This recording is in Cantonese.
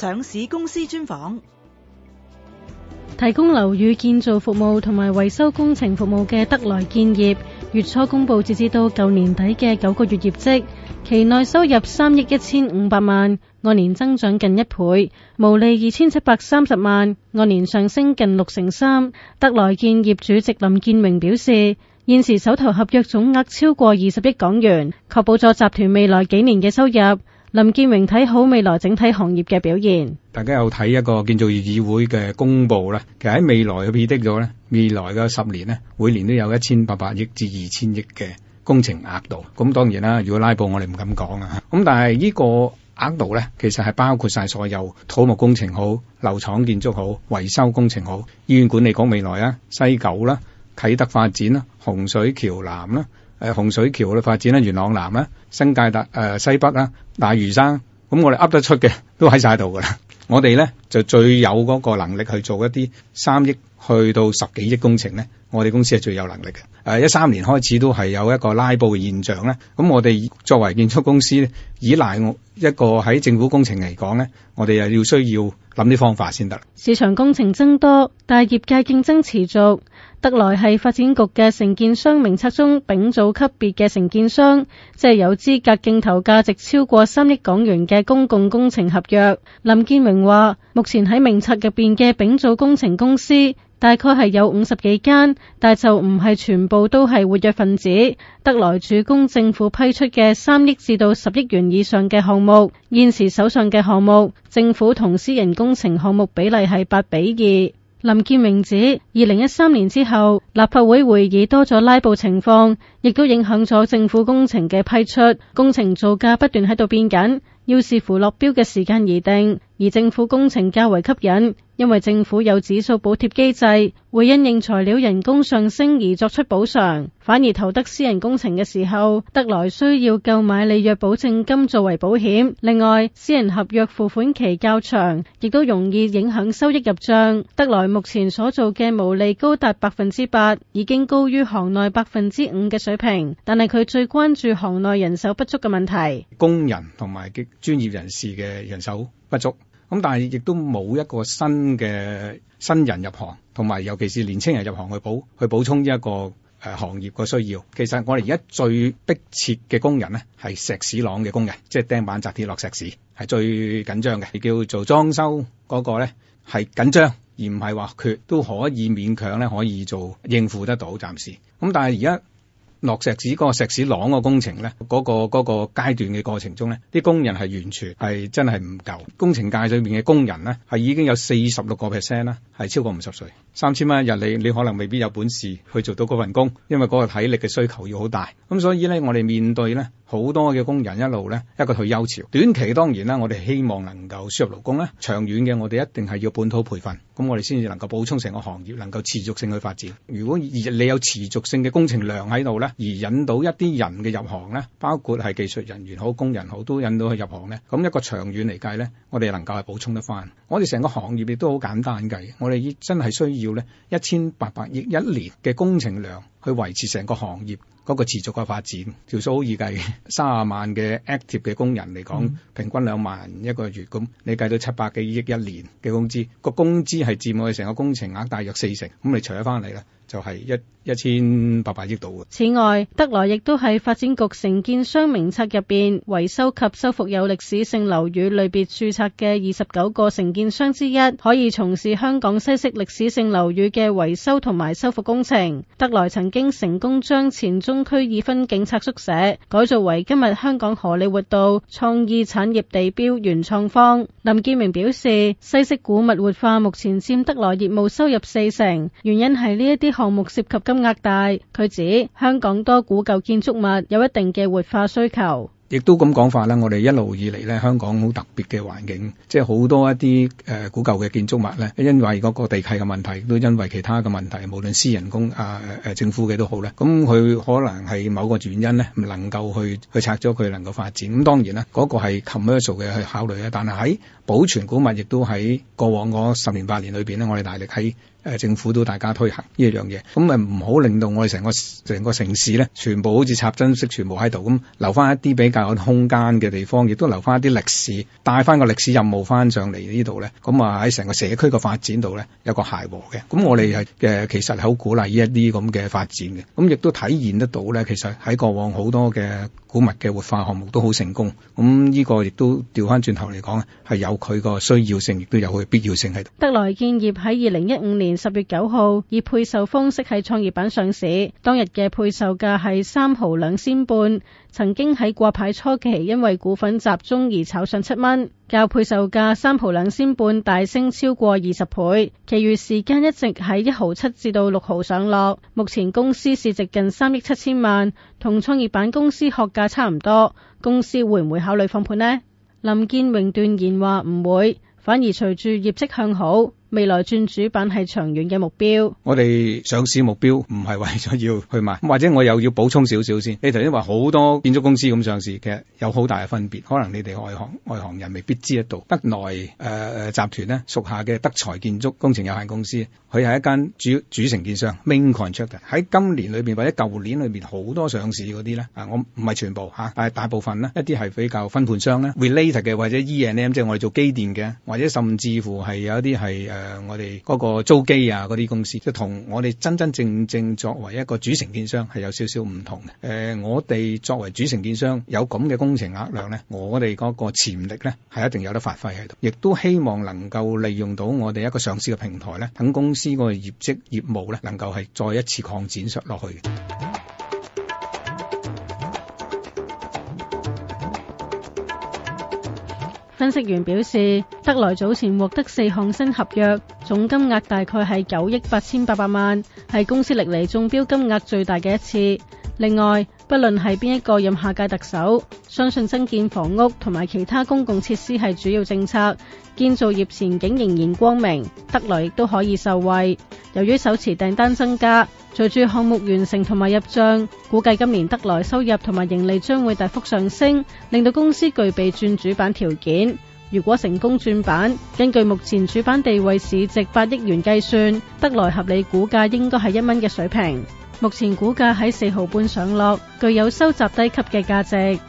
上市公司專訪，提供樓宇建造服務同埋維修工程服務嘅德萊建業，月初公布截至到舊年底嘅九個月業績，期內收入三億一千五百萬，按年增長近一倍，毛利二千七百三十萬，按年上升近六成三。德萊建業主席林健榮表示，現時手頭合約總額超過二十億港元，確保咗集團未來幾年嘅收入。林健榮睇好未來整體行業嘅表現，大家有睇一個建造業議會嘅公布啦。其實喺未來嘅跌的咗咧，未來嘅十年呢，每年都有一千八百億至二千億嘅工程額度。咁當然啦，如果拉布我哋唔敢講啊。咁但係呢個額度咧，其實係包括晒所有土木工程好、樓宇建築好、維修工程好、醫院管理局講未來啊、西九啦、啟德發展啦、洪水橋南啦。誒，洪水橋咧發展咧，元朗南咧，新界大、呃、西北啦，大嶼山，咁我哋噏得出嘅都喺晒度噶啦。我哋咧就最有嗰個能力去做一啲三億去到十幾億工程咧。我哋公司係最有能力嘅。誒，一三年開始都係有一個拉布嘅現象呢，咁我哋作為建築公司咧，依賴我一個喺政府工程嚟講呢，我哋又要需要諗啲方法先得。市場工程增多，但係業界競爭持續。德萊係發展局嘅承建商名冊中丙組級別嘅承建商，即係有資格競投價值超過三億港元嘅公共工程合約。林健榮話：目前喺名冊入面嘅丙組工程公司。大概係有五十幾間，但就唔係全部都係活躍分子。德萊主攻政府批出嘅三億至到十億元以上嘅項目。現時手上嘅項目，政府同私人工程項目比例係八比二。林健榮指，二零一三年之後，立法會會議多咗拉布情況，亦都影響咗政府工程嘅批出。工程造價不斷喺度變緊，要視乎落標嘅時間而定。而政府工程較為吸引，因為政府有指數補貼機制，會因應材料人工上升而作出補償。反而投得私人工程嘅時候，德萊需要購買履約保證金作為保險。另外，私人合約付款期較長，亦都容易影響收益入賬。德萊目前所做嘅毛利高達百分之八，已經高於行內百分之五嘅水平。但係佢最關注行內人手不足嘅問題，工人同埋嘅專業人士嘅人手不足。咁但係亦都冇一個新嘅新人入行，同埋尤其是年青人入行去補去補充呢、這、一個誒、呃、行業個需要。其實我哋而家最迫切嘅工人咧係石屎朗嘅工人，即係釘板紮鐵落石屎，係最緊張嘅。叫做裝修嗰個咧係緊張，而唔係話缺都可以勉強咧可以做應付得到暫時。咁但係而家。落石子嗰、那個石屎廊個工程咧，嗰、那個嗰、那個階段嘅過程中咧，啲工人係完全係真係唔夠。工程界裏面嘅工人咧，係已經有四十六個 percent 啦，係超過五十歲。三千蚊一日，你你可能未必有本事去做到嗰份工，因為嗰個體力嘅需求要好大。咁所以咧，我哋面對咧好多嘅工人一路咧一個退休潮。短期當然啦，我哋希望能夠輸入勞工咧。長遠嘅，我哋一定係要本土培訓，咁我哋先至能夠補充成個行業，能夠持續性去發展。如果而你有持續性嘅工程量喺度咧，而引到一啲人嘅入行咧，包括係技術人員好、工人好，都引到去入行咧。咁一個長遠嚟計咧，我哋能夠係補充得翻。我哋成個行業亦都好簡單計，我哋亦真係需要咧一千八百億一年嘅工程量。去維持成個行業嗰個持續嘅發展，條數好易計，三十萬嘅 active 嘅工人嚟講，平均兩萬一個月，咁你計到七百幾億一年嘅工資，個工資係佔我哋成個工程額大約四成，咁你除咗翻嚟咧，就係、是、一一千八百億度。此外，德萊亦都係發展局承建商名冊入邊維修及修復有歷史性樓宇類別註冊嘅二十九個承建商之一，可以從事香港西式歷史性樓宇嘅維修同埋修復工程。德萊曾。曾經成功將前中區已婚警察宿舍改造為今日香港荷里活道創意產業地標元創方。林健榮表示，西式古物活化目前佔德萊業務收入四成，原因係呢一啲項目涉及金額大。佢指香港多古舊建築物有一定嘅活化需求。亦都咁講法啦，我哋一路以嚟咧，香港好特別嘅環境，即係好多一啲誒、呃、古舊嘅建築物咧，因為嗰個地契嘅問題，都因為其他嘅問題，無論私人工啊、呃呃、政府嘅都好咧，咁佢可能係某個原因咧，能夠去去拆咗佢，能夠發展。咁、嗯、當然啦，嗰、嗰個係 commercial 嘅去考慮的，但係喺保存古物，亦都喺過往嗰十年八年裏面咧，我哋大力喺。誒，政府都大家推行呢一樣嘢，咁咪唔好令到我哋成個成個城市咧，全部好似插針式全部喺度，咁留翻一啲比較空間嘅地方，亦都留翻一啲歷史，帶翻個歷史任務翻上嚟呢度咧，咁啊喺成個社區個發展度咧有個諧和嘅，咁我哋係嘅，其實係好鼓勵呢一啲咁嘅發展嘅，咁亦都體現得到咧，其實喺過往好多嘅古物嘅活化項目都好成功，咁呢個亦都調翻轉頭嚟講咧，係有佢個需要性，亦都有佢嘅必要性喺度。德萊建業喺二零一五年。十月九號以配售方式喺創業板上市，當日嘅配售價係三毫兩仙半，曾經喺掛牌初期因為股份集中而炒上七蚊，較配售價三毫兩仙半大升超過二十倍。其餘時間一直喺一毫七至到六毫上落。目前公司市值近三億七千萬，同創業板公司學價差唔多。公司會唔會考慮放盤呢？林健榮斷言話唔會，反而隨住業績向好。未來轉主品係長遠嘅目標。我哋上市目標唔係為咗要去買，或者我又要補充少少先。你頭先話好多建築公司咁上市，嘅，實有好大嘅分別，可能你哋外行外行人未必知得到。德耐、誒、呃、集團呢，屬下嘅德才建築工程有限公司，佢係一間主主承建商 （main c o n t r a c t 嘅。喺今年裏邊或者舊年裏邊，好多上市嗰啲咧，啊，我唔係全部吓，係大部分呢，一啲係比較分判商咧 （related） 嘅，或者 E n M 即係我哋做機電嘅，或者甚至乎係有一啲係誒、呃，我哋嗰個租機啊，嗰啲公司，即同我哋真真正正作為一個主承建商係有少少唔同嘅。誒、呃，我哋作為主承建商有咁嘅工程額量咧，我哋嗰個潛力咧係一定有得發揮喺度，亦都希望能夠利用到我哋一個上市嘅平台咧，等公司個業績業務咧能夠係再一次擴展落去。分析員表示，德萊早前獲得四項新合約，總金額大概係九億八千八百萬，係公司歷來中標金額最大嘅一次。另外，不論係邊一個任下屆特首，相信增建房屋同埋其他公共設施係主要政策，建造業前景仍然光明，德萊亦都可以受惠。由於手持訂單增加，隨住項目完成同埋入賬，估計今年德萊收入同埋盈利將會大幅上升，令到公司具備轉主板條件。如果成功轉板，根據目前主板地位市值八億元計算，德萊合理股價應該係一蚊嘅水平。目前股價喺四毫半上落，具有收集低級嘅價值。